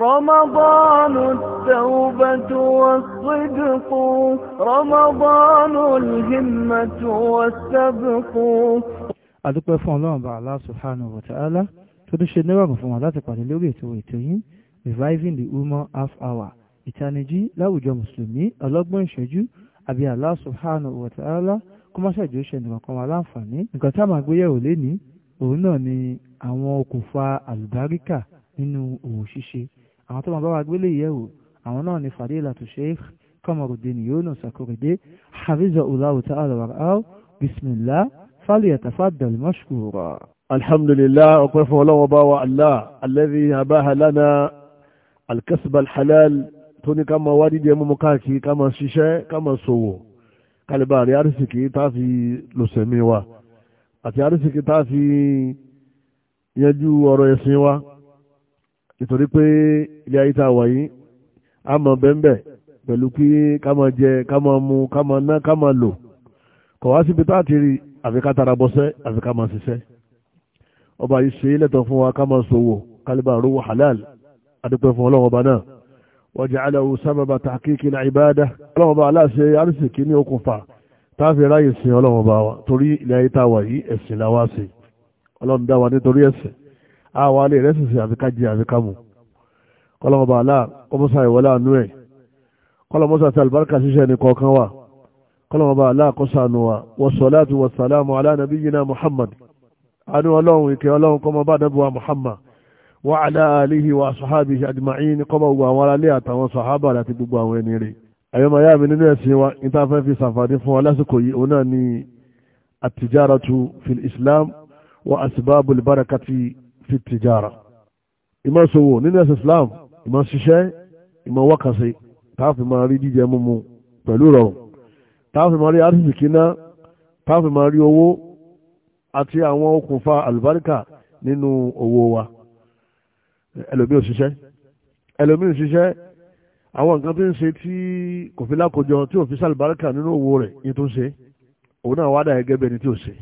رمضان التوبة والصدق رمضان الهمة والسبق adúpẹ́ fún ọlọ́run bá Allah subhanahu wa ta'ala tó tún ṣe nírọ̀rùn fún wa láti pàdé lórí ètò ètò yìí reviving the woman half hour ìtanijí láwùjọ mùsùlùmí ọlọ́gbọ́n ìṣẹ́jú àbí Allah subhanahu wa ta'ala kó má ṣàjò ṣe nìkan wa láǹfààní nǹkan tá a máa gbéyẹ̀wò lénìí òun náà ni àwọn okùnfà àlùbáríkà nínú òwò ṣíṣe àwọn tó máa bá wa gbélé ìyẹ̀wò àwọn náà ni fadilatu sheikh Kamaruddin Yunus Akorede hafizahullahu ta'ala wara'ahu bismillah falyatafaddal mashkura. alhamdulillah ọpẹ́ fún ọlọ́wọ́ bá wa allah alladhi abaha lana alkasb alhalal tó ní ká máa wá dídí ẹmú mú káàkiri ká máa ṣiṣẹ́ ká máa ṣòwò kálíbà rí àrísìkí tá a fi lòsẹ̀mí wa àti àrísìkí tá a fi yanjú ọ̀rọ̀ ẹ̀sìn wa nítorí pé ilé ayé tá a wà yìí a mọ̀ bẹ́ńbẹ́ pẹ̀lú kí ká máa jẹ ká máa mu ká máa ná ká máa lò kọ̀ wá síbi tá a ti rí àfi ká tara bọ́sẹ́ àfi ká máa ṣiṣẹ́ ọba yìí ṣe lẹ́tọ̀ fún wa ká máa ṣòwò kálíbà rówó halal adúpẹ́ fún ọlọ́run ọba náà wa ja'alahu sábàbà tahqiqi al-ibada ọlọ́run ọba aláṣẹ arísìkí ní okùnfà táàfin ráyè sin ọlọ́run ọba wa torí ilé ayé tá a wà yìí ẹ̀sìn làwa sí ọlọ́run dá wa nítorí ẹ̀sìn àwa lè rẹ́sìn sí àfi ká jẹ àfi ká mu kọ́lọ́mọba àlá kọ́mọ́sá ìwọlé àánú ẹ̀ kọ́lọ́mọ́sá ti àlùbáríkà ṣiṣẹ́ ní kọ̀ọ̀kan wa kọ́lọ́mọba àlá kọ́sànù wa wassalatu wassalamu ala nabiyyina Muhammad àánú ọlọ́run ìkẹ́ ọlọ́run kọ́mọba àdàbùwà Muhammad wa ala alihi wa sahabihi ajma'in kọ́mọ gbogbo àwọn aráalé àtàwọn sàhábà àti gbogbo àwọn ẹni rẹ̀ àyọ̀mọ̀ ayá mi nínú ẹ̀sìn wa ní táfẹ́ fi sàǹfààní fún wa lásìkò yìí òun náà ni àtijáratù fil islam wa asbabul barakati fi tìjára ìmọ̀ ṣòwò nínú ẹ̀sìn Islam ìmọ̀ ṣiṣẹ́ ìmọ̀ wákàṣe táàfin máa rí jíjẹ múmu pẹ̀lú rọrùn táàfin máa rí arísìkí kíná táàfin máa rí owó àti àwọn okùnfà àlùbáríkà nínú owó wa ẹlòmí ò ṣiṣẹ́ ẹlòmí ò ṣiṣẹ́ àwọn nǹkan tó ń ṣe tí kò fi lákòjọ tí ò fi sàlùbáríkà nínú owó rẹ̀ yìí tó ń ṣe òun náà wádà gẹ́gẹ́ bí ẹni tí ò ṣe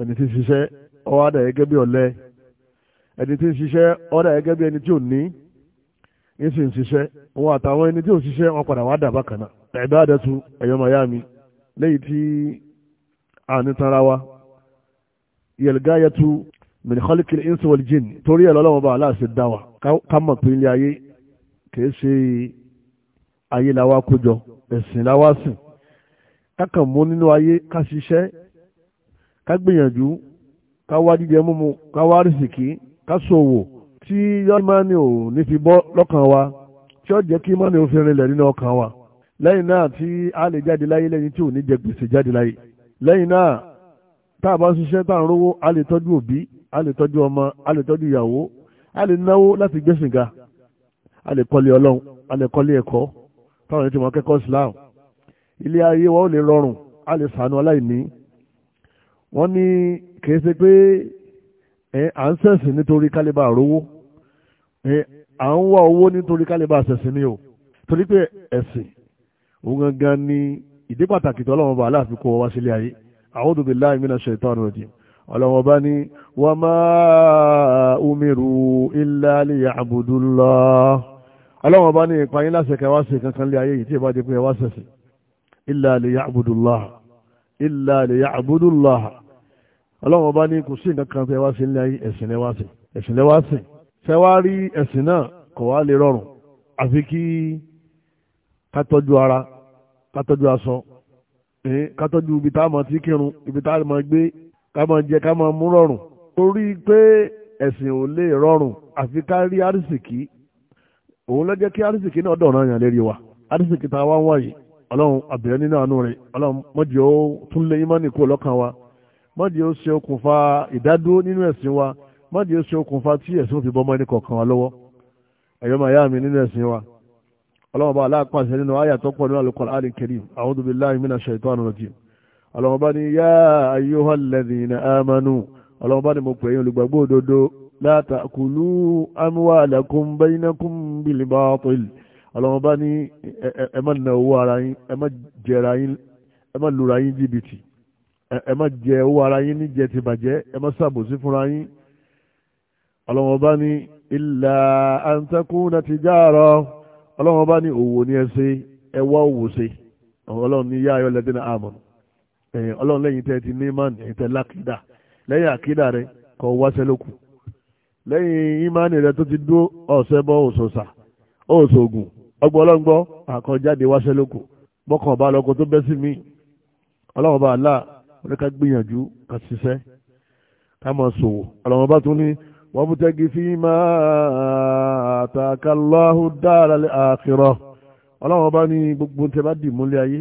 ẹni tí ṣiṣẹ́ ọwádà gẹ́gẹ́ bí ọ̀lẹ ẹni tí ń ṣiṣẹ́ ọ̀dà gẹ́gẹ́ bí ẹni tí ò ní ń sì ń ṣiṣẹ́ wọn àtàwọn ẹni tí ò ṣiṣẹ́ wọn padà wá dàbà kànà ẹ̀bá àdẹ́tu ẹ̀yọ́ miami lẹ́yìn tí a ní tanra wa yẹlgáyẹtu mìnìkọ́lìkìlì ìnsìwọ̀lì jìn torí ẹ̀ lọ́lọ́wọ́ bá aláàṣẹ dá wa ká mọ̀ pé ilé ayé kìí ṣe ayé làwa kójọ ẹ̀sìn làwa sìn kákan mú nínú ayé ká ṣiṣẹ́ ká gbìyànjú ká wá jíjẹ múmu ká wá rìsìkì ká ṣòwò tí yọ́nmánì ò ní fi bọ́ lọ́kàn wa tí ó jẹ́ kí mánì ò fi rinlẹ̀ nínú ọkàn wa lẹ́yìn náà tí a lè jáde láyé lẹ́yìn tí ò ní jẹ gbèsè jáde láyé lẹ́yìn náà tá a bá ń ṣiṣẹ́ tá à ń rówó a lè tọ́jú òbí a lè tọ́jú ọmọ a lè tọ́jú ìyàwó a lè náwó láti gbẹ́sìn ga a lè kọ́lé ọlọ́run a lè kọ́lé ẹ̀kọ́ táwọn ènìyàn ti mọ̀ akẹ́kọ̀ọ́ Islam ilé ayé wa ó lè rọrùn a lè sànú aláìní wọ́n ní kìí ṣe pé à ń ṣẹ̀sìn nítorí kálíbà rówó à ń wá owó nítorí kálíbà ṣẹ̀sìn ni o torí pé ẹ̀sìn òun gangan ni ìdí pàtàkì tó ọlọ́run ọba aláàfin kó wá sílé ayé a'udhu billahi minash shaitani rajim ọlọ́run ọba ní wa ma umiru illa liya'budullah ọlọ́run ọba ní ìpayín láṣẹ kẹwàá sí kankan lé ayé yìí tí ìbá di pé ẹ wá ṣẹ̀sìn illa liya'budullah illa liya'budullah ọlọ́run bá ní kò sí nǹkan kan fẹ́ wá sí ilé ayé ẹ̀sìn lẹ́wà sí ẹ̀sìn lẹ́wà sí fẹ́ wá rí ẹ̀sìn náà kò wá lè rọrùn àfi kí ká tọ́jú ara ká tọ́jú aṣọ ká tọ́jú ibi tá a máa ti kírun ibi tá a máa gbé ká máa jẹ ká máa mú rọrùn torí pé ẹ̀sìn ò lè rọrùn àfi ká rí àrísìkí òun ló kí àrísìkí náà dọ̀ràn yàn lérí wa àrísìkí tá a wá ń wáyé ọlọ́run àbẹ̀rẹ̀ nínú àánú rẹ̀ ọlọ́run mọ́jọ́ tún lé ìmánì kó lọ́kàn wa mọ́dí ó ṣe okùnfà ìdádúró nínú ẹ̀sìn wa mọ́dí ó ṣe okùnfà tí ẹ̀sìn fi bọ́mọ́ ẹni kọ̀ọ̀kan wa lọ́wọ́ ẹ̀yọ́ máa mi nínú ẹ̀sìn wa ọlọ́wọ́ aláàpàṣẹ nínú àyà tó pọ̀ nínú Al-Qur'an al-Karim a'udhu billahi minash shaitanir rajim ọlọ́wọ́ bá ní yá ayyuhal ladhina amanu ọlọ́wọ́ bá ní mo pè é olùgbàgbọ́ òdodo la ta'kulu amwalakum bainakum bil batil ọlọ́wọ́ bá ní ẹ má na owó ara yín ẹ má jẹra yín ẹ má lura yín jìbìtì ẹ má jẹ owó ara yín níjẹ ti bàjẹ ẹ má ṣàbòsí fúnra yín ní tijara ọlọ́wọ́n bá ní òwò ní ẹsẹ̀ ẹ wá òwò ṣe ní yá ayọ́ lẹ́dínà àmọ́ ẹ̀yìn ọlọ́run lẹ́yìn tẹ́ ti ẹ̀yìn lákìdá lẹ́yìn àkìdá rẹ lókù ti dúró ọ̀sẹ̀ òṣòṣà òṣògùn àkọjáde lókù wọ́n ká gbìyànjú ká ṣiṣẹ́ ká máa ṣòwò ọlọ́run bá tún ní wọ́n bú tẹ́gi fi máa tààkà lọ́hù dára àkìrọ̀ ọlọ́run bá ní gbogbo tẹ bá dì múlẹ̀ ayé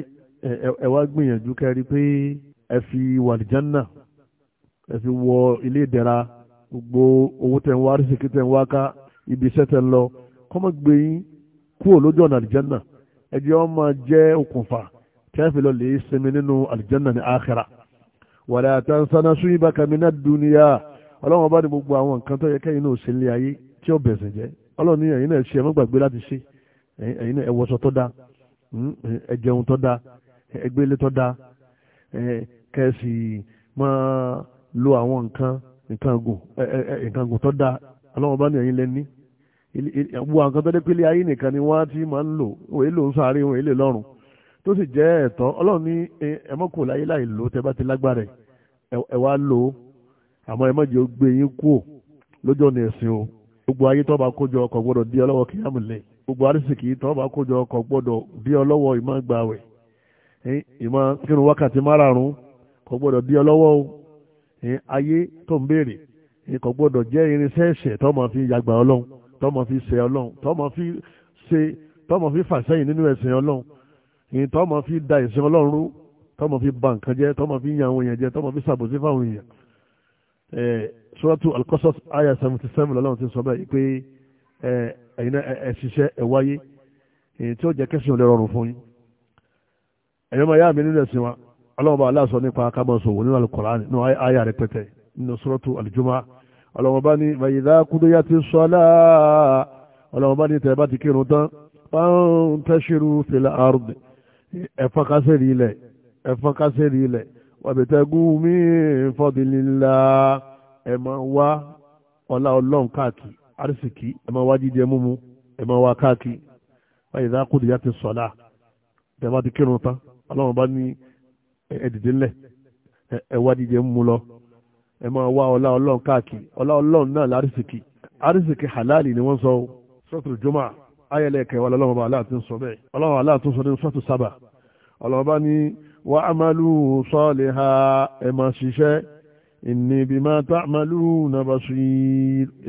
ẹ wá gbìyànjú kẹrí pé ẹ fi wàlìjánà ẹ fi wọ ilé ìdẹ̀ra gbogbo owó tẹ̀ ń wá rísìkí tẹ̀ ń wá ká ibi iṣẹ́ tẹ̀ ń lọ kọ́mọ gbé yín kúrò lójú ọ̀nà àlìjánà ẹ jẹ́ ọmọ jẹ́ okùnfà kẹ́fì lọ lè sinmi nínú àlìjánà ní àkìrà wàlẹ́ àtàǹsáná sún ibà kàmínà dúnìyà ọlọ́run ọba ní gbogbo àwọn nǹkan tó yẹ kẹ́yìn náà ṣe lé ayé tí ó bẹ̀sẹ̀ jẹ́ ọlọ́run ní ẹ̀yin náà ṣe ẹ má gbàgbé láti ṣe ẹ̀yin náà ẹ wọṣọ tó dáa hmm, ẹ jẹun tó dáa ẹ gbélé tó dáa kẹ́sì máa lo àwọn nǹkan nǹkan gùn nǹkan gùn tó dáa ọlọ́run ọba ní ẹ̀yin lẹ́ni gbogbo àwọn nǹkan tó dé pélé ayé nìkan ni wọ́n ti máa ń lò tó sì jẹ́ ẹ̀tọ́ ọlọ́run ní ẹmọ́kù láyé láì lò tẹ́ bá ti lágbára ẹ wá lò ó àmọ́ ẹ mọ̀jẹ̀ ó gbé yín kú lójú ọ̀nà ẹ̀sìn o gbogbo ayé tó bá kójọ ọkọ̀ gbọ́dọ̀ dí ọlọ́wọ́ kíyàmù lẹ̀ gbogbo arísìkì tó bá kójọ ọkọ̀ gbọ́dọ̀ dí ọlọ́wọ́ ìmọ̀ gbàwẹ̀ ìmọ̀ kírun wákàtí márààrún kò gbọ́dọ̀ dí ọlọ́wọ́ o ayé tó ń béèrè kò gbọ́dọ̀ jẹ́ irinṣẹ́ ẹ̀ṣẹ̀ tó máa fi yàgbà ọlọ́run tó máa fi ṣe ọlọ́run tó máa fi ṣe tó máa fi fàṣẹyìn nínú ẹ̀sìn ọlọ́run ní tọ́mọ fi da ìsìn ọlọ́run rú tọ́mọ fi ba nǹkan jẹ́ tọ́mọ fi yan àwọn èèyàn jẹ́ tọ́mọ fi ṣàbòsí fáwọn èèyàn ẹ̀ suratu al-Qasas aya seventy seven lọ́lọ́run ti sọ bẹ́ẹ̀ pé ẹ̀yin náà ẹ̀ ṣiṣẹ́ ẹ̀ wáyé èyí tí ó jẹ́ kẹ́sìn olè rọrùn fún yín ẹ̀yin ọmọ ìyá mi nínú ẹ̀sìn wa ọlọ́mọba aláṣọ nípa kábọ̀nsọ̀wò nínú al-Qur'an nínú aya rẹpẹtẹ nínú suratu al-Jumu'ah ọlọ́mọba ní ìdá kúdóyàtì sọ́lá ọlọ́mọba ní tẹ̀ bá ti kírun tán fáwọn tẹ́ṣirú fil ard ẹ̀fọn kásẹ̀rì ilẹ̀ ẹ̀fọn kásẹ̀rì ilẹ̀ wàbẹ̀tẹ̀gùn mi fọ́dìlélá ẹ máa wá ọlá ọlọ́run káàkiri arísìkí ẹ máa wá jíjẹ múmu ẹ máa wá káàkiri báyìí ìdá kùdì yá ti sọ̀lá ìjọba ti kírun tán ọlọ́run bá ní ẹ̀dìdì ńlẹ̀ ẹ wá jíjẹ múmu lọ ẹ máa ọlá ọlọ́run káàkiri ọlá ọlọ́run náà lárísìkí arísìkí halali ni wọ́n sọ sọ́tù jùmọ̀ ayẹlẹ kẹwàá lọ́wọ́ bá aláàtú sọ bẹ́ẹ̀ ọlọ́wọ́ aláàtú sọ ní sọ́tù sábà ọlọ́wọ́ bá ní wà á máa lù sọ́ọ̀lì ha ẹ̀ máa ṣiṣẹ́ ìníbi máa tá máa lù nàbà sí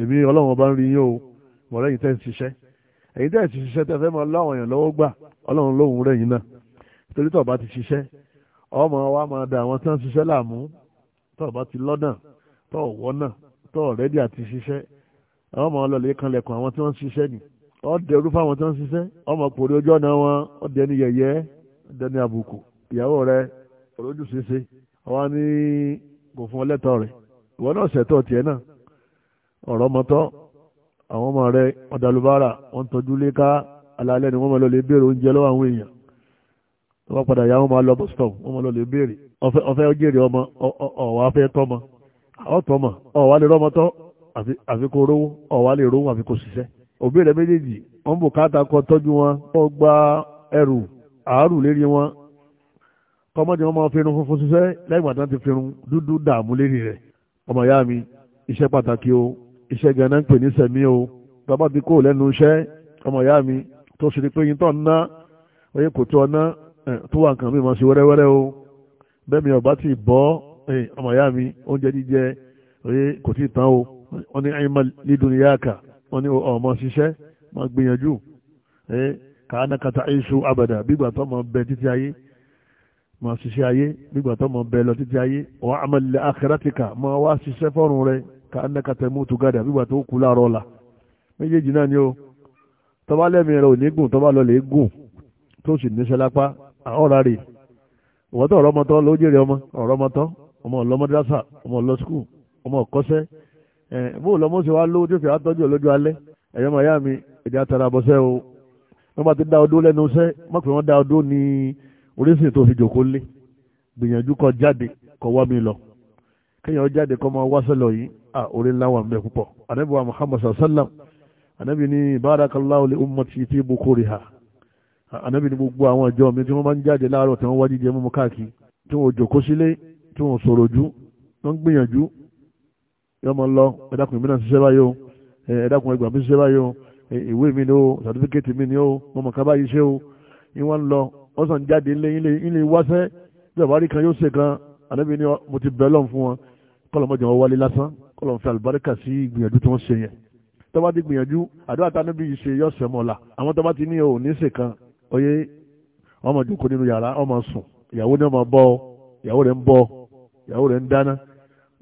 èmi ọlọ́wọ́ bá ń rí yóò mọ̀rẹ́ yìí tẹ́ ń ṣiṣẹ́ èyí tẹ́ ń ṣiṣẹ́ tẹ́ fẹ́ máa láwọn èèyàn lọ́wọ́ gbà ọlọ́run lóhùn rẹ̀ yìí náà àwọn ọmọ ọlọ́lẹ̀ kanlẹ̀kùn àwọn tí wọ́n ń ṣiṣẹ́ nìí ọ dẹrú fáwọn tó ń ṣiṣẹ́ ọmọ pòrí ojú ọ̀nà wọn ọ dẹni yẹ̀yẹ́ ọ dẹni àbùkù ìyàwó rẹ olójú ṣeṣe sise. ọ lẹ́tọ̀ọ́ ìwọ náà ṣẹ̀tọ́ tiẹ̀ náà ọ̀rọ̀ mọ́tọ́ àwọn ọmọ rẹ wọn lé ká lọ lè béèrè oúnjẹ lọ́wọ́ àwọn èèyàn tó bá padà máa lọ máa lọ lè béèrè ọmọ ọ̀wá fẹ́ tọ́mọ ọ̀wá lè rọ́mọtọ́ rówó ọ̀wá lè rówó ṣiṣẹ́ obere rẹ̀ méjèèjì wọ́n bùkátà kó tọ́jú wọn kó gba ẹrù àárù lérí wọn kọ́mọ́dé wọn máa fẹnu funfun ṣiṣẹ́ lẹ́yìn ìgbà ti fẹnu dúdú dààmú lérí rẹ̀ ọmọ ìyá mi iṣẹ́ pàtàkì o iṣẹ́ gan-an ń pè ní sẹ̀mí o bàbá ti kó lẹ́nu iṣẹ́ ọmọ ìyá mi tó pé yín ná oyè kò tó tó wà nǹkan wẹ́rẹ́wẹ́rẹ́ o bẹ́ẹ̀ ọ̀bá ti bọ́ ọmọ ìyá mi wọ́n ní ọmọ ṣiṣẹ́ máa gbìyànjú kàánà kata iṣu abàdà bígbà tó mọ bẹ títí ayé máa ṣiṣẹ́ ayé bígbà tó mọ bẹ lọ títí ayé wọ́n àmàlẹ̀ akẹ́rẹ́tìkà máa wá ṣiṣẹ́ fọ́run rẹ kàánà kata mú tùgádà bígbà tó kú láàárọ̀ la méjèèjì náà ni ó tọ́ba lẹ́mìí rẹ ò ní gùn tọ́ba lọ lè gùn tó sì níṣẹ́ lápá ọ̀rá rè ìwọ́tọ̀ ọ̀rọ̀ ọmọ tán ló ọmọ ọ̀rọ̀ ọmọ ọmọ ọlọ́mọdé Eh, bó lọ́mọ́ sí wa lówó tí ó àtọ́jú lójú alẹ́ ẹ̀yọ́ màá mi èdè àtàrà àbọ̀sẹ́ o wọ́n bá ti dá ọdún lẹ́nu iṣẹ́ mọ̀ pé wọ́n dá ọdún ní orísìn tó fi jòkó lé gbìyànjú kó jáde kó wá mi lọ kéèyàn jáde kó máa wá sọ́lọ̀ yìí à orí ńlá wà ń púpọ̀ ànábì wa muhammad sallam ànábì ní barakallahu li ummati fi bukuriha ànábì ní gbogbo àwọn ìjọ mi tí wọ́n bá ń jáde láàárọ̀ tí wọ́n wá jíjẹ mímu káàkiri tí wọ́n jòkó sílé tí wọ́n sọ̀rọ̀ ju wọ́n gbìyànjú yọ mọ lọ ẹ̀dàkùn ìmí náà ṣiṣẹ́ báyìí o ẹ̀dàkùn ẹgbàá mi ṣiṣẹ́ báyìí o ìwé mi ni o sàtífíkẹ́tì mi ni o mo mọ̀ ká ṣe o ìwọ́n ń lọ wọ́n sàn jáde ilé ilé ilé wáṣẹ́ bí àbárí kan yóò ṣe kan ànábi ni mo ti bẹ̀ lọ́n fún wọn kọ́lọ̀ mọ́jọ wọn wálé lásán kọ́lọ̀ fi àlùbáríkà sí ìgbìyànjú tí wọ́n ṣe yẹn tọ́ba ti gbìyànjú àdúrà tánábì yìí ṣe yọ̀ọ̀sẹ̀ mọ́la àwọn tọ́ba ti ní o ní ṣe kan oyè ọmọ jókòó nínú yàrá ọmọ sùn ìyàwó ni ọmọ bọ́ ìyàwó rẹ̀ ń bọ́ ìyàwó rẹ̀ ń dáná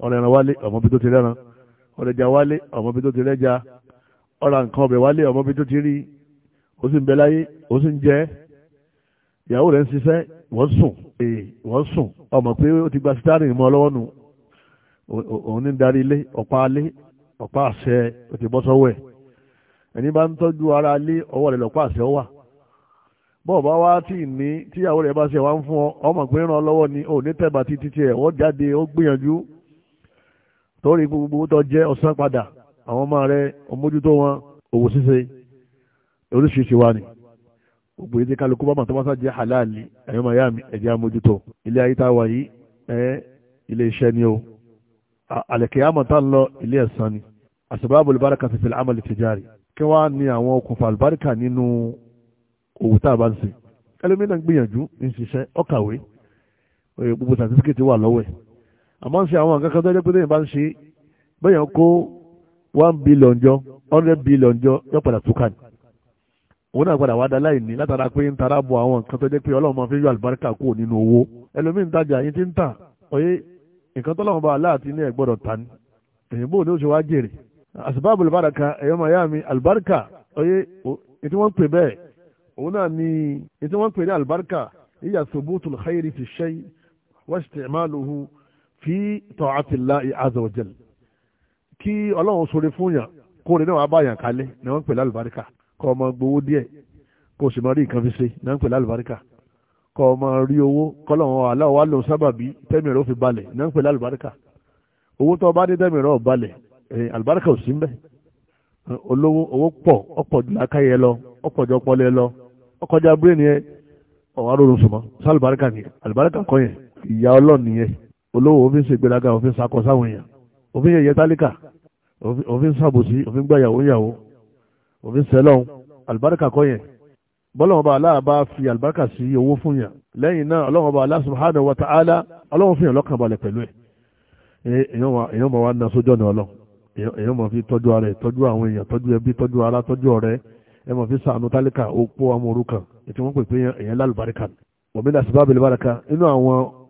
ọ̀rọ̀ ẹran wálé ọmọ bí tó ti rẹ́ran ọ̀rọ̀ ẹja wálé ọmọ bí tó ti rẹ́ja ọ̀rọ̀ nǹkan ọbẹ̀ wálé ọmọ bí tó ti rí ó sì ń bẹ láyé ó sì ń jẹ́ ìyàwó rẹ̀ ń ṣiṣẹ́ wọ́n sùn wọ́n sùn ọmọ pé ó ti gba sítárìn mọ́ lọ́wọ́ nù òun ní darí ilé ọ̀pá alé ọ̀pá àṣẹ ó ti bọ́ sọ́wọ́ ẹ̀ ẹni bá ń tọ́jú ara alé ọwọ́ rẹ̀ lọ́pá àṣẹ wà bọ́ọ̀ bá wá tì ní tíyàwó rẹ̀ bá ṣe wá ń fún ọ ọmọ pé ràn lọ́wọ́ ni ò ní tẹ̀bà títí tiẹ̀ wọ́n jáde ó gbìyànjú torí gbogbo tó jẹ́ ọ̀sán padà àwọn ọmọ rẹ̀ ọmójútó wọn òwò ṣíṣe oríṣiríṣi wa ni gbogbo èdè kálukú bá màtọ́ bá jẹ́ halali ẹ̀yọ́ màá yá mi ẹ̀jẹ̀ amójútó ilé ayé tá a wà yìí ẹ̀ ilé iṣẹ́ ni o àlẹ̀kẹ́ àmọ̀ tá ń lọ ilé ẹ̀sán ni asbabul barakati fil amali tijari kí wá ní àwọn okùnfà àlùbáríkà nínú òwò tá a bá ń ṣe ẹlòmíràn gbìyànjú ń ṣiṣẹ́ ọ̀kàwé gbogbo sàtífíkẹ́tì wà lọ́wọ́ ẹ̀ àmọ́ ń ṣe àwọn nǹkan kan tó jẹ́ pé téèyàn bá ń ṣe bẹ́yàn kó one billion jọ hundred billion jọ yọ padà túkà ní òun náà padà wá da láìní látara pé ń tara bọ àwọn nǹkan tó jẹ́ pé ọlọ́run máa fi yọ àlùbáríkà kúrò nínú owó ẹlòmíì ń tajà yín ti ń tà ọyẹ nǹkan tọ́lọ́run bá aláàtí ní ẹ̀gbọ́dọ̀ ta ni èyàn bò ní oṣù wa jèrè àṣìbáàbò àlùbáríkà ẹ̀yọ́ máa yá mi àlùbáríkà ọyẹ ètí wọ́n pè bẹ́ẹ̀ òun náà ni ètí wọ́n pè ní àlùbáríkà ìyà subutul khairi fi shay wa isti'maluhu fi ta'atillahi azza wa jalla kí ọlọ́run sọ̀rọ̀ fún yàn kó rẹ̀ náà abáyàn kalẹ̀ ni wọ́n ń pè lálùbáríkà kọ́ ọmọ gbowó díẹ̀ kó o sì máa rí nǹkan fi ṣe ni wọ́n ń pè lálùbáríkà kọ́ ọmọ rí owó kọ́lọ́run aláwọ̀ wá lòun sábàbí tẹ́mi rẹ̀ ó fi balẹ̀ ni wọ́n ń pè lálùbáríkà owó tó bá dé tẹ́mi rẹ̀ ó balẹ̀ àlùbáríkà ò sí mbẹ́ olówó owó pọ̀ ọ̀pọ̀ jù lákàyẹ olówó òfin ṣe gbéraga òfin sakọ sáwọn èèyàn òfin yẹ̀yẹ́ tálíkà òfin sàbòsí òfin gbàyàwó yàwó òfin sẹlọ́n àlùbáríkà kọ́ yẹn bọ́lọ́wọ́n bá aláà bá fi àlùbáríkà sí owó fún yàn lẹ́yìn náà ọlọ́wọ́n bá aláà subhanahu wa ta'ala ọlọ́wọ́n fi hàn lọ́kàn balẹ̀ pẹ̀lú ẹ̀ èèyàn máa wá ná sójọ́ ní ọlọ́ èèyàn máa fi tọ́jú ara ẹ̀ tọ́jú àwọn èèyàn tọ́jú ẹbí tọ́jú ara tọ́jú ọ̀rẹ́ ẹ máa fi sànú tálíkà opó amóoru kan ètò wọn pè pé èèyàn lálùbáríkà òmìnira sì bá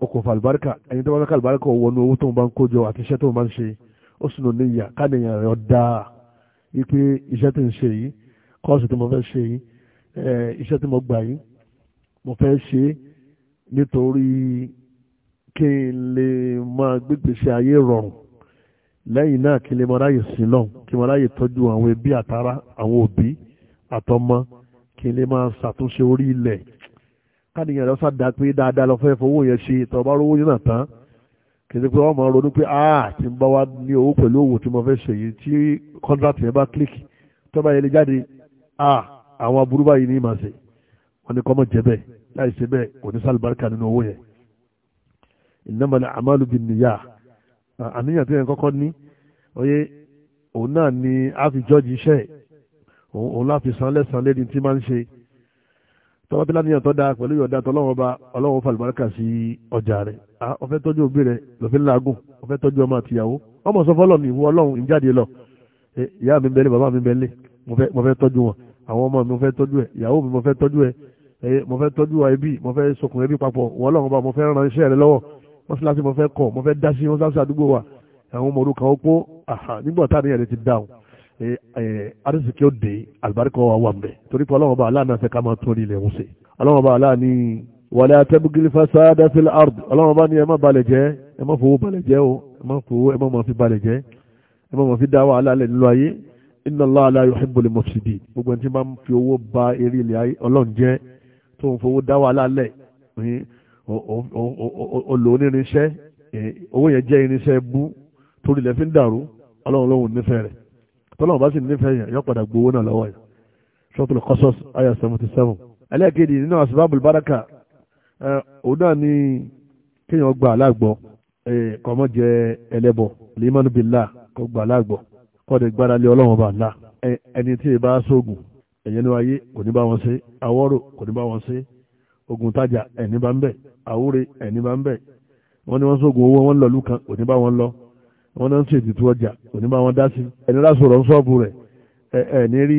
okùnfà àlùbáríkà ẹni tó bá fẹ́ ká àlùbáríkà wọnú owó tó ń bá ń kójọ àti iṣẹ́ tó ń bá ń ṣe ó sì nù níyà káàdìyàn rẹ̀ dáa wípé iṣẹ́ tí ń ṣe yìí kọ́ọ̀sì tí mo fẹ́ ṣe yìí iṣẹ́ tí mo gbà yìí mo fẹ́ ṣe nítorí kí n lè máa gbégbèsè ayé rọrùn lẹ́yìn náà kí n lè máa ráyè sílọ̀ kí n máa ráyè tọ́jú àwọn ẹbí àtàrà àwọn òbí àtọmọ kí n lè máa ṣàtúnṣe orí ilẹ̀ káníyàn lọ sá dáa pé dáadáa lọ fẹ́ fowó yẹn ṣe tọ́ bá rówó yẹn tán kìí pé wọ́n máa ronú pé ah tí ń bá wá ní owó pẹ̀lú òwò tí mo fẹ́ ṣe yìí tí kọ́ńtrátì yẹn bá kílíkì tó bá yẹn lè jáde ah àwọn aburú báyìí ní ìmọ̀ ṣe wọ́n ní kọ́ mọ̀ jẹ́ bẹ́ẹ̀ láì ṣe bẹ́ẹ̀ kò ní sálùbáríkà nínú owó yẹn innamal a'malu binniyah àníyàn tó yẹn kọ́kọ́ ní oye òun náà ni a fi jọ́ọ̀jì iṣẹ́ òun láfi san lẹ́sàn lẹ́ni tí máa ń ṣe tọ́wọ́ tí láníyàn tó dáa pẹ̀lú ìyọ̀dá tọ́lọ́wọ́ bá ọlọ́wọ́ falùbáríkà sí ọjà rẹ̀ ọfẹ́ tọ́jú òbí rẹ̀ lọ́fẹ́ làágùn ọfẹ́ tọ́jú ọmọ àtìyàwó ọmọ sọ fọ́lọ́ ní ìwọ ọlọ́run ìjáde lọ eh, ìyá mi bẹ́lẹ̀ bàbá mi bẹ́lẹ̀ mo fẹ́ tọ́jú wọn àwọn ọmọ mi mo fẹ́ tọ́jú ẹ̀ ìyàwó mi mo fẹ́ tọ́jú ẹ̀ eh, mo fẹ́ tọ́jú ẹbí mo fẹ́ sokùn ẹbí papọ̀ wọ́n ọlọ́run bá mo fẹ́ ran arísìkí ó dé àlùbáríkà wà wà mbẹ torí pé ọlọ́wọ́ bá aláàánú fẹ́ ká máa tó ní ilẹ̀ ń ṣe ọlọ́wọ́ bá aláàánú wàlẹ́ atẹ́bùgìlì fasada fil ard ọlọ́wọ́ bá ní ẹ má balẹ̀ jẹ́ ẹ má fowó balẹ̀ jẹ́ o ẹ má fowó ẹ má mọ̀ fi balẹ̀ jẹ́ ẹ má mọ̀ fi dá wàhálà lẹ̀ nílò ayé inna Allah la yuhibbul mufsidin gbogbo ẹni tí máa fi owó ba eré ilẹ̀ ayé ọlọ́run jẹ́ tó ń fowó dá wàhálà lẹ̀ olò onírinṣẹ́ owó yẹn jẹ́ irinṣẹ́ bú torí ilẹ̀ fi ń dàrú ọlọ́run lóhùn nífẹ̀ẹ́ rẹ̀ tọ́lọ́wọ́n bá sì nífẹ̀ẹ́ yẹn yọ padà gbowó náà lọ́wọ́ yẹn sọ́tùlù kọ́sọ́s ayà seventy seven ẹlẹ́ẹ̀kejì nínú àṣìbáàbù báràkà òun náà ni kéèyàn gba aláàgbọ́ kọ́ mọ́ jẹ ẹlẹ́bọ limanu billah kọ́ gba aláàgbọ́ kọ́ de gbára lé ọlọ́wọ́n bá ńlá ẹni tí ì bá sóògùn ẹ̀yẹ́ ní wáyé kò ní bá wọn ṣe awọ́rò kò ní bá wọn ṣe ogun tajà àwọn náà ń ṣètì tí ọjà kò ní bá wọn dá sí ẹni rà sọ̀rọ̀ ń sọ́ọ̀bù rẹ̀ ẹ ní rí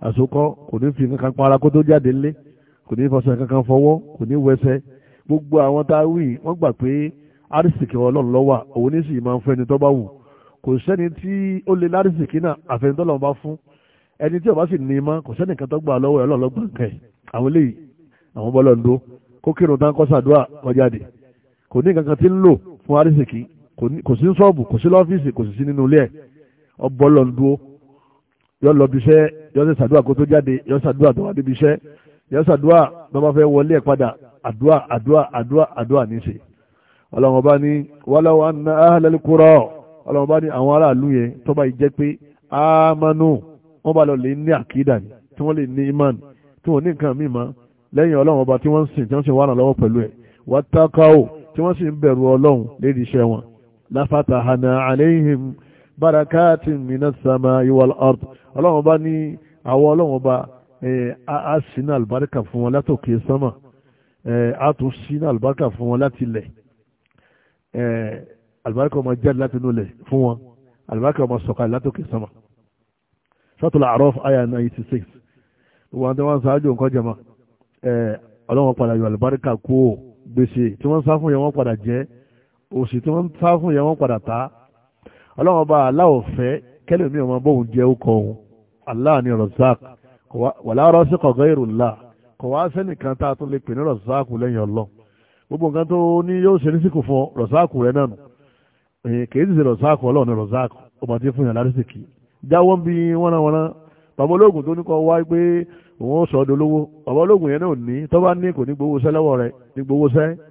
àsokọ́ kò ní fi kankan pa ara kó tó jáde lé kò ní fọṣọ kankan fọwọ́ kò ní wẹsẹ̀ gbogbo àwọn tá a wí wọ́n gbà pé arísìkì ọlọ́run ló wà òun ní sì máa ń fún ẹni tó bá wù kò sẹ́ni tí ó lè lárísìkì náà àfẹnitọ́lọ́run bá fún ẹni tí ó sì ní i kò sẹ́ni kan tó gbà lọ́wọ́ ọlọ́run ló kò sí ṣọ́ọ̀bù kò sí lọ́fíìsì kò sì sí nínú ilé ẹ̀ ọbọ̀ lọ ń dúró yọ lọ bí iṣẹ́ yọ sí sàdúrà kó tó jáde yọ sàdúrà tó wá débi iṣẹ́ yọ sàdúrà tó bá fẹ́ wọlé ẹ̀ padà àdúrà àdúrà àdúrà àdúrà níṣẹ́ ọlọ́run ọba ní walaw anna ahlal qura ọlọ́run ọba ní àwọn aráàlú yẹn tó bá jẹ́ pé amanu wọ́n bá lọ lè ní àkídà ni tí wọ́n lè ní imán tí wọ́n ní nǹkan míì mọ́ lẹ́yìn ọlọ́run ọba tí wọ́n ń sìn tí wọ́n sì wà ràn lọ́wọ́ pẹ̀lú ẹ̀ wattaqaw tí wọ́n sì ń bẹ̀rù ọlọ́run lédi iṣẹ́ wọn lafatahana aleihim barakati minas samai wal ard ọlọ́run bá ní àwọn ọlọ́run bá a sì ní àlùbáríkà fún wọn látòkè sánmà a tún sí ní àlùbáríkà fún wọn láti ilẹ̀ àlùbáríkà ọmọ jáde láti inú ilẹ̀ fún wọn àlùbáríkà ọmọ sọ̀kalẹ̀ látòkè sánmà sọ́tò làárọ̀ àyà 96 wọn tí wọ́n sáájú nǹkan jẹ̀mọ́ ọlọ́run padà yọ àlùbáríkà kú gbèsè tí wọ́n sá fún yẹn wọ́n padà jẹ́ òsì tí wọ́n ń sá fún yẹn wọ́n padà tá ọlọ́run ọba aláwọ̀ fẹ́ kẹlẹ́mi ọmọ bóun jẹ́ ọkọ̀ òun aláà ní rọ̀zák wàlá rọ́ọ̀sì kọ̀gọ́ ìrùlá kò wá sẹ́nìkan tá a tún lè pè ní rọ̀záàkù lẹ́yìn ọlọ́ gbogbo nǹkan tó ní yóò ṣe ní síkù fún rọ̀záàkù rẹ náà nù kì í sì ṣe rọ̀záàkù ọlọ́run ní rọ̀záàkù ọmọ tí fún yàn lárísìkì jáwọ́ bí wọ́nàwọ́nà bàbá bàbá ológun tó ní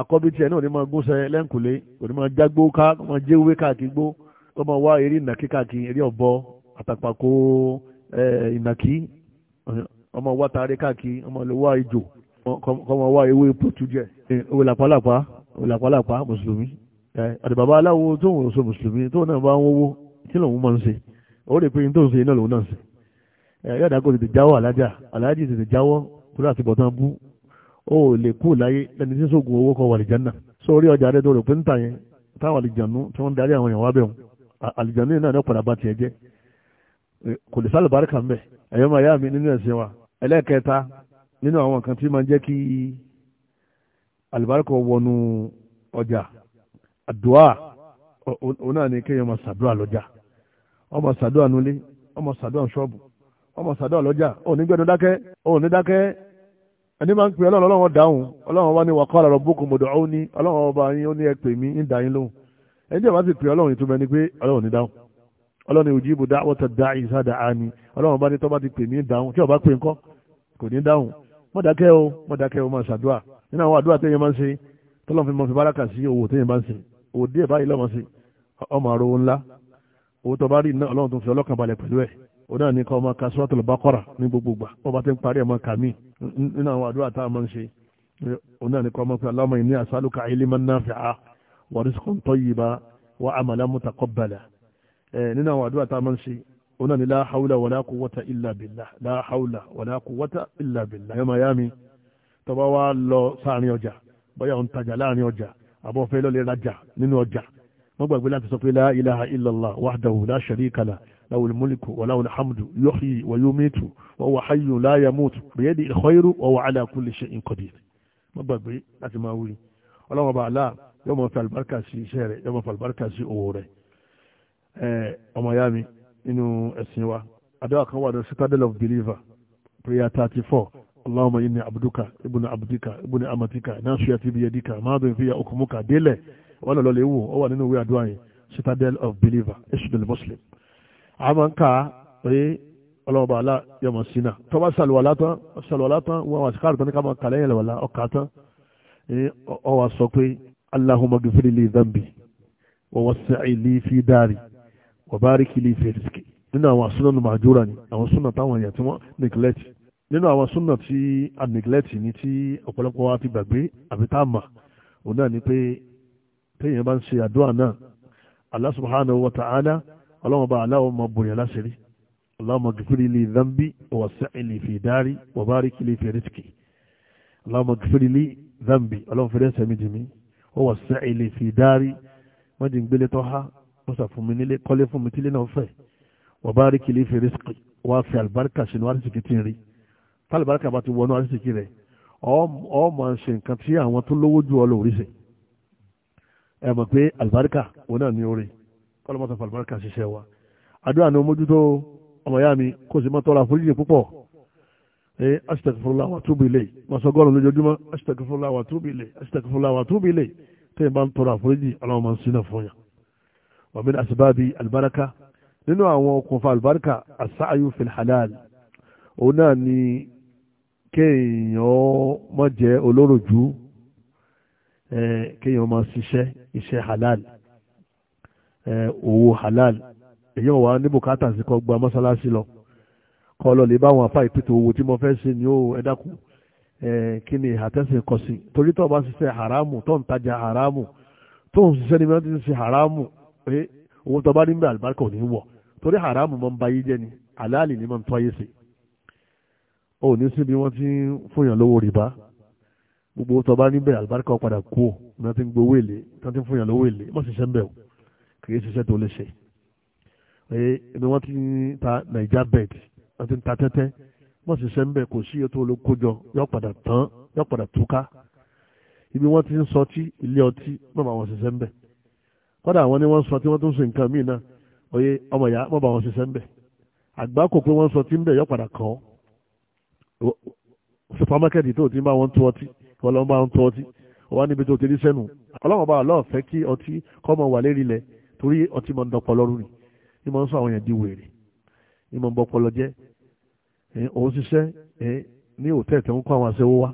akọ́bí tiẹ̀ náà ní máa gúnṣẹ́ lẹ́ǹkùlé kò ní máa jágbó ká kó máa jéwé káàkiri gbó kó máa wá eré ìnàkí káàkiri eré ọ̀bọ àtàpàkò ìnàkí ọmọ wá tarí káàkiri ọmọ lè wá ìjò kó máa wá ewé pòtù jẹ owó làpálàpá owó làpálàpá mùsùlùmí àdìbàbà aláwo tó ń sọ mùsùlùmí tó náà bá ń wọ́wọ́ tí lòun máa ń ṣe ó lè pé tó ń ṣe iná lòun náà ṣe yàtọ̀ kò tètè jáwọ́ tètè jáwọ́ ó lè kú láyé lẹni tí sógun owó kọ wà lìjánà so orí ọjà rẹ tó rò pé ń tà yẹn táwọn àlìjànú tí wọ́n darí àwọn èèyàn wá bẹ̀ wọn àlìjànú yìí náà ní ọ̀pọ̀lọpọ̀ tiẹ̀ jẹ́ kò lè sálẹ̀ báríkà ń bẹ̀ ẹ̀yọ́ máa yá mi nínú ẹ̀sìn wa ẹlẹ́ẹ̀kẹta nínú àwọn nǹkan tí máa ń jẹ́ kí àlìbáríkà wọnú ọjà àdúrà òun náà ni kéèyàn máa ṣàdúrà lọ́jà ọmọ ṣàdúrà nulẹ̀ ọmọ ṣàdúrà ṣọ́ọ̀bù ọmọ ṣàdúrà lọ́jà òun ní gbẹ́nu dákẹ́ òun ní dákẹ́ ẹni máa ń pè ọlọ́run ọlọ́run dáhùn ọlọ́run wá ní wàkọ́lá rọ̀ bókun mọ̀dọ̀ ọ́ ní ọlọ́run ọba yín ó ní ẹ pè mí ń dá yín lóhùn ẹni tí a bá sì pè ọlọ́run ìtumọ̀ ẹni pé ọlọ́run ní dáhùn ọlọ́run ìwòjì ibò dá wọ́tà dá ìsá dá a ni ọlọ́run bá ní tọ́ bá ti pè mí dáhùn tí ọba pè ńkọ́ kò ní dáhùn mọ̀dákẹ́ o mọ̀dákẹ́ o máa ṣàdúà nínú àwọn àdúrà òun náà ní kọ́ ọmọ ka suratul baqara ní gbogbo gbà wọ́n bá ti ń parí ọmọ kàmí nínú àwọn àdúrà tá a máa ń ṣe òun náà ní kọ́ ọmọ pé Allahumma inni as'aluka ilman nafi'a wa rizqan tayyiba wa amalan mutaqabbala nínú àwọn àdúrà tá a máa ń ṣe òun náà ní la hawla wala quwwata illa billah la hawla wala quwwata illa billah yọmọ ya mi tó bá wá lọ sáàrin ọjà bóyá òun tajà láàrin ọjà àbọ̀ fẹ́ lọ́lẹ̀ rajà nínú ọjà wọ́n gbàgbé láti sọ pé la ilaha illallah wahdahu la sharika lahu له الملك وله الحمد يحيي ويميت وهو حي لا يموت بيده الخير وهو على كل شيء قدير ما بغي láti máa wí ọlọ́run ọba àlá yóò máa fi àlùbáríkà sí iṣẹ́ rẹ̀ yóò máa fi àlùbáríkà sí owó rẹ̀ ọmọ ìyá mi nínú ẹ̀sìn wa àdúrà kan wà ní citadel of believer prayer thirty four allahumma inni abduka ibnu abdika ibnu amatika nasiyati biyadika maadun fiya okumuka délẹ̀ wọ́n lọ́ọ́ lè wò ó wà nínú ìwé àdúrà citadel of believer ishudul muslim àmọ́ ń kà á pé ọlọ́mọba alá yọmọ sínà tó bá ṣàlùwàlá tán ṣàlùwàlá tán wọn àwọn àṣìkáàrù tán ní ká máa kà lẹ́yìn àlùwàlá ọkà tán ó wá sọ pé Allahumma ghfir li dhanbi wa wasi' li fi dari wa barik li fi rizqi nínú àwọn súnà màjúra ni àwọn súnà táwọn èèyàn tí wọ́n neglect nínú àwọn súnà tí a neglect ni tí ọ̀pọ̀lọpọ̀ wa ti gbàgbé àbí tá a mà òun náà ni pé téèyàn bá ń ṣe àdúrà náà Allah subhanahu wa ọlọ́run bá aláwọ̀ mọ bòrìyàn láṣẹ́rí aláwọ̀ gífìrí lè dánbí wà sẹ́ẹ̀lì fi dárí wà bá rí kílé fi rìsíkì aláwọ̀ gífìrí lè dánbí ọlọ́run fẹ́rẹ́ sẹ́mi jìmí ó wà sẹ́ẹ̀lì fi dárí wọ́n ti ń gbélé tọ́ ha wọ́n sàfún mi nílé kọ́lé fún mi tílé náà fẹ́ wà bá rí kílé fi rìsíkì wà fi àlùbáríkà sínú àrísìkì tí ń rí tálùbáríkà bá ti wọnú àrísìkì rẹ̀ ọ máa ṣe nǹkan tí àwọn tó lówó ju ọ lò rí ṣe ẹ mọ̀ pé àlùbáríkà òun náà ní orin kọ́lọ́mọ́sọ fàlùbáríkà ṣiṣẹ́ wa àdúrà ní omójútó ọmọ ìyá mi kó sì máa tọrọ àforíjì púpọ̀ ẹ astaghfirullah wa tubu ilayhi máa sọ gọ́ọ̀rùn lójoojúmọ́ astaghfirullah wa tubu ilayhi astaghfirullah wa tubu ilayhi tẹ́yìn bá ń tọrọ àforíjì aláwọ̀ máa ń sínà fún yàn wa min asbabi albaraka nínú àwọn okùnfà albaraka asa'ayu fil halal òun náà ni kéèyàn má jẹ́ olóró ju kéèyàn máa ṣiṣẹ́ iṣẹ́ halal owó halal èyí wà ní bùkátà sí kọ́ gba mọ́sálásí lọ kọ́ lọ lè bá àwọn afá ìpìtò owó tí mo fẹ́ ṣe ni ó ẹ̀dákun kí ni àtẹ́sìn kọ sí torí tó bá ṣiṣẹ́ haramu tó ń tajà haramu tó ń ṣiṣẹ́ ní mẹ́rin ṣe haramu pé owó tó bá ní bẹ́ẹ̀ àlùbáríkà ò ní wọ̀ torí haramu máa ń ba yí jẹ́ ni halal ni máa ń tọ́ ayé sí ò ní síbi wọ́n ti ń fúnyàn lówó rìbá gbogbo tó bá níbẹ̀ àlùbáríkà padà kú ní wọ́n ti ń gbowó èlé kìí ṣiṣẹ́ tó lè ṣe ẹni wọ́n ti ń ta naija bed wọ́n ti ń ta tẹ́tẹ́ wọ́n ṣiṣẹ́ ń bẹ̀ kò sí ètò olókójọ yóò padà tán yóò padà túká ibi wọ́n ti ń sọ tí ilé ọtí mọ̀ bá wọn ṣiṣẹ́ ń bẹ̀ kọ́dà àwọn ni wọ́n sọ tí wọ́n tún ṣe nǹkan míì náà oyè ọmọ ìyá mọ̀ bá wọn ṣiṣẹ́ ń bẹ̀ àgbà kò pé wọ́n sọ tí ń bẹ̀ yóò padà kàn ọ́ supamakẹ́tì tó ti bá wọn tó ọtí wọ́n lọ́ bá wọn tó ọtí wọ́n níbi tó ti rí sẹ́nu ọlọ́run ọlọ́ọ̀fẹ́ kí ọtí kọ́ wà lérí lẹ̀ torí ọtí máa ń dọpọ lọ́rùn ni ní máa ń sọ àwọn èèyàn di wèrè ní máa ń bọpọ lọ jẹ òun ṣiṣẹ́ ní òtẹ́ẹ̀ tó ń kó àwọn aṣẹ́wó wá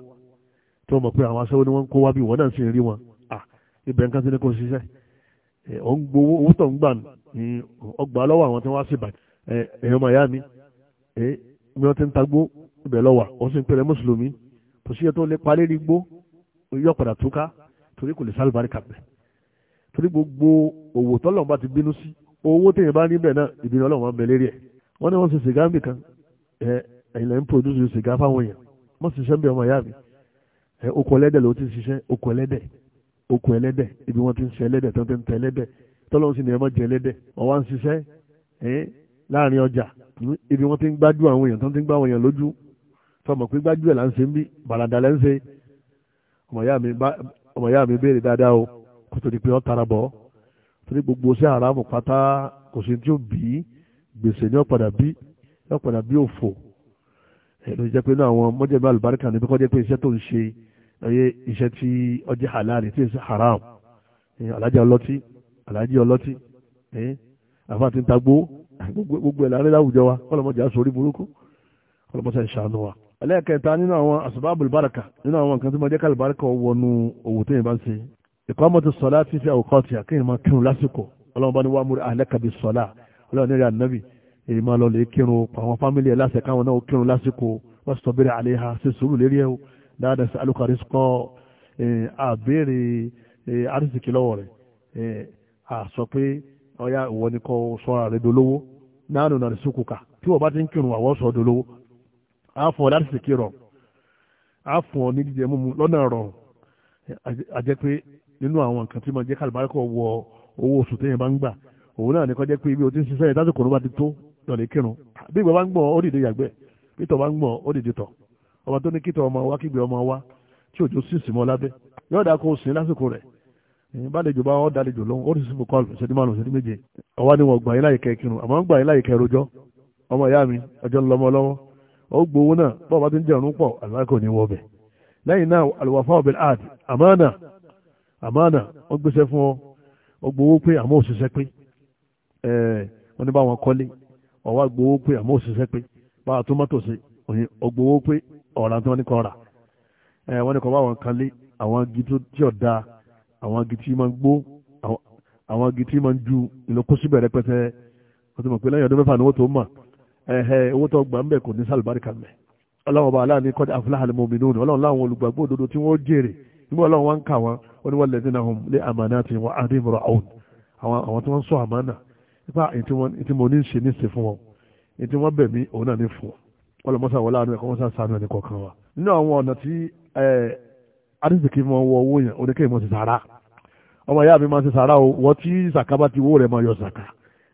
tó mọ̀ pé àwọn aṣẹ́wó ni wọ́n ń kó wá bí ìwọ náà sì ń rí wọn ibẹ̀ nǹkan ti ní kó ṣiṣẹ́ òun gbowó owó tó ń gbà ní ọgbà lọ́wọ́ àwọn tí wọ́n á sì bàjẹ́ èèyàn máa yá mi mi wọ́n ti ń tagbó ibẹ̀ lọ́wọ́ ó sì ń pèrè mùsùlùmí kò sí ẹ̀ tó lè palẹ́ rí gbó yọ̀ padà túká torí kò lè sálùbárí kàpẹ́ torí gbogbo òwò tọ́lọ̀ bá ti bínú sí owó téèyàn bá níbẹ̀ náà ìbínú ọlọ́run máa ń bẹ lérí ẹ̀ wọ́n ní wọ́n ṣe sìgá mi kan ẹ ẹ̀yìn lẹ́yìn produce sìgá fáwọn èèyàn wọ́n ṣiṣẹ́ bí ọmọ ìyá mi ẹ oko ẹlẹ́dẹ̀ ló ti ṣiṣẹ́ oko ẹlẹ́dẹ̀ oko ẹlẹ́dẹ̀ ibi wọ́n ti ń ṣe ẹlẹ́dẹ̀ tó ti ń tẹ ẹlẹ́dẹ̀ tọ́lọ́run sì ní ẹ jẹ ẹlẹ́dẹ̀ wọ́n wá ń ṣiṣẹ́ ẹ láàrin ọjà ibi wọ́n ti ń gbájú àwọn èèyàn tó ti ń gbá àwọn èèyàn lójú fọmọ pé gbájú ẹ̀ là ń ṣe ń bí bàràdà lẹ́ ń ṣe ọmọ ìyá mi béèrè dáadáa o kó tó di pé wọ́n tara bọ̀ torí gbogbo sí àràmù pátá kò sí tí ó bí gbèsè ní ọ̀padà bí ọ̀padà bí òfò ẹ̀rọ jẹ́ pé náà àwọn mọ́jẹ̀bí àlùbáríkà níbi kọ́ jẹ́ pé iṣẹ́ tó ń ṣe ẹyẹ iṣẹ́ tí ọjẹ́ halal tí iṣẹ́ haram alájẹ ọlọ́tí alájẹ ọlọ́tí àfa ti ń tagbó gbogbo ẹ̀ láàrin láwùjọ wa ọlọ́mọdé aṣọ orí burúkú ọlọ́mọdé ṣàánú wa ẹlẹ́ẹ̀kẹta nínú àwọn àsùbábùl báràkà nínú àwọn nǹkan tí mo jẹ́ kálùbáríkà wọnú òwò tó yẹn bá ń ṣe ìkọ́mọ̀tò sọ̀lá ti fi àwòkọ́ ti àkéyìn máa kírun lásìkò ọlọ́run bá ní wàá múra àlẹ́kàbí sọ̀lá ọlọ́run ní rẹ̀ ànábì èyí máa lọ lè kírun àwọn fámìlì ẹ̀ láṣẹ káwọn náà kírun lásìkò wọ́n sọ bẹ̀rẹ̀ àlẹ́ ha ṣe sùúrù lérí ẹ̀ dáadáa sí alukari sọ àbẹ̀rẹ̀ arísìkì lọ́wọ́ rẹ̀ à sọ pé ọ̀yà ìwọ nínú àwọn nǹkan tí máa jẹ́ kálùbáríkọ̀ wọ owó oṣù téèyàn bá ń gbà òun náà ní kọjá pé ibi o ti ń ṣiṣẹ́ ìdájọ́ kòró bá ti tó lọ́lẹ̀ kírun bí ìgbà bá ń gbọ̀n ó dìde yàgbẹ́ pítọ̀ bá ń gbọ̀n ó dìde tọ̀ ọba tó ní kítọ̀ ọmọ wa kígbe ọmọ wa tí òjò sì sì mọ́ lábẹ́ yóò dáa kó o sìn lásìkò rẹ̀ ìbálejò bá ọ́ dálejò lọ́hùn ó sì sì mú kọ́ọ̀lù ṣẹ́dí márùn ṣẹ́dí méje ọwá ni wọ́n gbà yín láyìíkẹ́ kírun àmọ́ ń gbà yín láyìíkẹ́ rojọ́ ọmọ ìyá mi ọjọ́ ń lọmọ lọ́wọ́ ó gbowó náà bọ́ọ̀ bá ti ń jẹun pọ̀ àlùbáríkò ní wọ́ọ̀bẹ̀ lẹ́yìn náà àlùwàfáà ọ̀bẹ̀ àd àmọ́ náà àmàna wọ́n gbéṣẹ́ fún ọ ọgbowó pé àmọ́ òṣìṣẹ́ pé ẹ̀ wọ́n ní báwọn kọ́lé ọ̀wá gbowó pé àmọ́ òṣìṣẹ́ pé báwa tó mọ́tò sí òyìn ọgbowó pé ọ̀ràn tí wọ́n ní kọ́ rà ẹ̀ wọ́n ní kọ́ báwọn kan lé àwọn agi tí ọ̀dà àwọn agi tí máa ń gbó àwọn agi tí máa ń ju ìlókó síbẹ̀ rẹpẹtẹ wọ́n ti mọ̀ pé lẹ́yìn ọdún mẹ́fà ni owó tó mà ẹ̀hẹ́ nígbà ọlọ́run wá ń kà wọ́n ó ní wọ́n lè dín náà hùm lé àmàna ti wọ́n á dín mọ́ra ọ̀hún àwọn tí wọ́n ń sọ àmàna nípa ètí mo ní ṣe ní ṣe fún wọn ètí wọ́n bẹ̀ mí òun náà ní fún wọn wọ́n lọ mọ́sá wọlé àánú ẹ̀kọ́ mọ́sá sànú ẹni kọ̀ọ̀kan wa. nínú àwọn ọ̀nà tí adísìkì mọ wọ owó yẹn oníkẹ́ ìmọ̀ ti sàrà ọmọ ìyá mi máa ń ṣe sàrà o wọ́n tí sàkà bá ti wó rẹ̀ máa yọ sàkà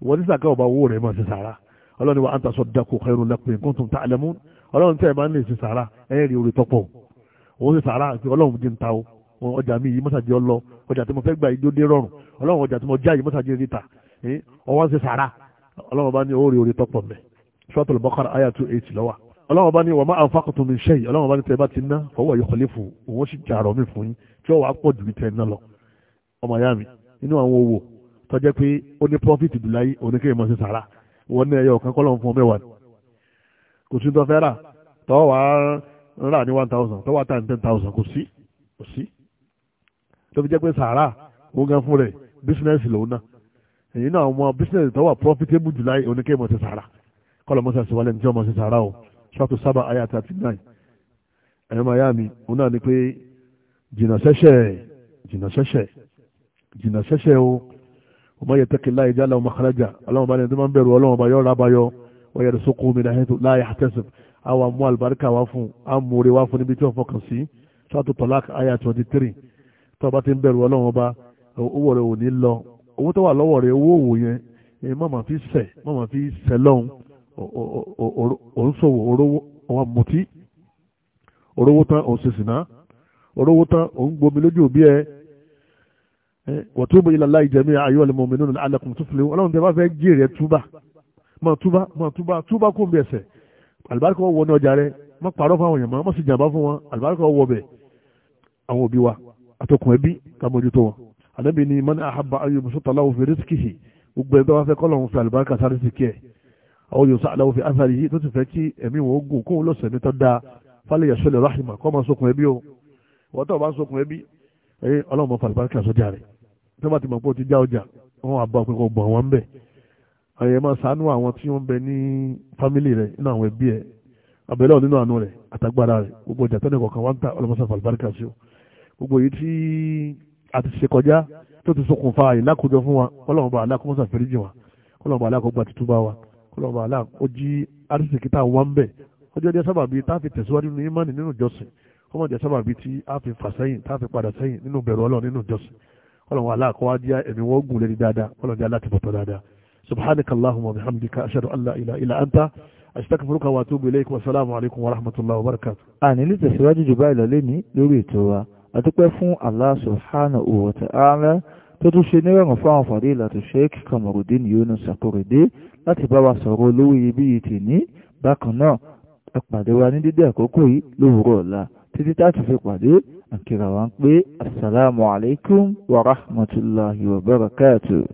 wọ́n tí sàkà ọba wó rẹ̀ máa ṣe sàrà ọlọ́run wa anta saddaqu khairun lakum in kuntum ta'lamun ọlọ́run tẹ́ ẹ máa ń lè ṣe sàrà ẹ̀ rí orí tọ́pọ̀ òun sì sàárà pé ọlọ́run ti ń ta o ọjà mi yìí mọ́sàdí ọlọ ọjà tí mo fẹ́ gbà ìjó dé rọrùn ọlọ́run ọjà tí mo já yìí mọ́sàdí ríta ọwọ́ sí sàárà ọlọ́run bá ní orí orí tọ́pọ̀ mẹ́ Suratul Baqara àyà two eight lọ́wà ọlọ́run bá ní wa ma anfaqtum min shay ọlọ́run bá ní tẹ́ bá ti ná fa huwa yukhlifu òun sì jàrọ̀ mi fún yín tí ó wàá pọ̀ rà ní one thousand tọ́wọ́ àtàn ten thousand kò sí kò sí tó fi jẹ́ pé sàárà ó gan fún rẹ̀ bísínẹ́sì lòun náà èyí náà àwọn bísínẹ́sì tọ́wọ́ profitable july oníkẹ́ mọ̀ sí sàárà kọ́lọ̀ mọ́sá sí wálé ní tí wọ́n mọ̀ sí sàárà o ṣọ́ọ̀tù sábà ayé thirty nine ẹ̀rọ màá yá mi òun náà ni pé jìnnà ṣẹ́ṣẹ́ jìnnà ṣẹ́ṣẹ́ jìnnà ṣẹ́ṣẹ́ o ọmọ yẹ tẹ́kì láì jálá ọmọ kàlájà ọlọ́mọba ni yẹ àwọn amú àlùbáríkà wá fún amúre wá fún níbi tí wọ́n fọkàn sí ṣáàtú tọ́lák àyà twenty three tó o bá ti ń bẹ̀rù ọlọ́run ọba owó rẹ̀ ò ní lọ owó tó wà lọ́wọ́ rẹ̀ owó òwò yẹn mọ̀mọ́ fi sẹ̀ mọ̀mọ́ fi sẹ̀ lọ́hùn òǹṣòwò orówó àwọn mùtí orówó tán òṣèṣìná orówó tán òǹgbomi lójú òbí ẹ watubu ila Allahi jami'an ayyuhal mu'minuna la'allakum tuflihun ọlọ́run tẹ bá fẹ́ jèrè túbà máa túbà máa túbà túbà kò ń bí ẹsẹ̀ àlùbáríkà wọ ní ọjà rẹ má parọ́ fáwọn èèyàn má sì jàǹbá fún wọn àlùbáríkà wọ bẹ̀ àwọn òbí wa àtọkùn ẹbí ká mójútó wọn ànábì ni mọ́ni àhábà ayé mùsùlùmí aláwọ̀ fi rísíkìhì gbogbo ẹgbẹ́ wa fẹ́ kọ́ lọ́hún fi àlùbáríkà sáré sí kí ẹ̀ àwọn yóò sá aláwọ̀ fi ásàrí yìí tó ti fẹ́ kí ẹ̀mí wọn ogun kóhun lọ́sẹ̀ mi tọ́ da falẹ̀ yasọ́lẹ̀ rahima kọ́ máa sokùn ẹbí o wọ́n tó bá sokùn ẹbí ẹ ọlọ́run mọ́ fàlùbáríkà sọ́jà rẹ̀ tó ẹ̀yẹ máa sànú àwọn tí wọ́n bẹ ní fámìlì rẹ̀ nínú àwọn ẹbí ẹ̀ abẹ́lẹ́ ọ̀ nínú àánú rẹ̀ àtagbára rẹ̀ gbogbo ọjà tẹ́lẹ̀ kọ̀ọ̀kan wá ń ta ọlọ́mọṣẹ́ fàlùbáríkà sí o gbogbo èyí tí a ti ṣe kọjá tó ti ṣokùnfà ìlàkójọ fún wa ọlọ́run bá aláàkọ́mọ́sà fẹ́ríjì wa ọlọ́run bá aláàkọ́gbà tuntun bá wa ọlọ́run bá aláàkọ́jí arísìkí tá a wá ń bẹ̀ ọjọ́ jẹ́ sábàbí tá a fi tẹ̀síwájú nínú ìmánì nínú ìjọsìn ọmọ jẹ́ sábàbí tí a fi fà subhanaka allahumma wa bihamdika ashhadu an la ilaha illa anta astaghfiruka wa atubu ilayk wa salaamu alaykum wa rahmatullahi wa barakatuh. àní ní tẹ̀síwájú jù báyìí lọ lẹ́ni lórí ètò wa àdúpẹ́ fún allah subhanahu wa ta'ala tó tún ṣe nírọ̀rùn fáwọn fàdé ìlàtọ̀ sheikh kamarudin yunus akorede láti bá wa sọ̀rọ̀ olówó iyebíye tì ní bákan náà ẹ pàdé wa ní dídé àkókò yìí lówùúrọ̀ ọ̀la títí tá a ti fi pàdé àkìrà wa ń pé asalaamualeykum wa rahmatulahi wa barakatuh.